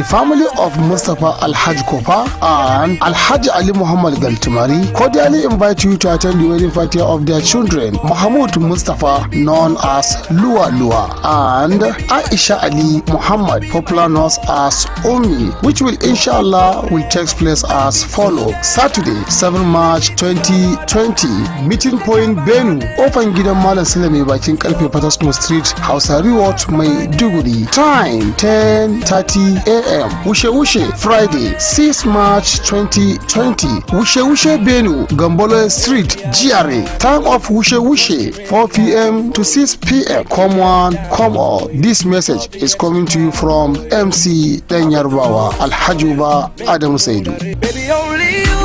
The family of Mustapha alhaji Kofa and alhaji Ali Muhammad Galtimari cordially invite you to attend the wedding party of their children, Mahmoud Mustapha, known as Lua Lua, and Aisha Ali Muhammad, popular known as Omi, which will inshallah will take place as follow. Saturday, 7 March 2020, meeting point Benu, Open Gidan Malam mai bakin karfe Kalpi Street, Hausa Reward, Maiduguri. Time 10:30 a.m. a.m. Wushe Friday, 6 March 2020. Wushe Wushe Benue Gambola Street, GRA. Time of Wushe Wushe, 4 p.m. to 6 p.m. Come one, come all. This message is coming to you from MC Danyarbawa Al Hajuba Adam Saidu. Baby, only you.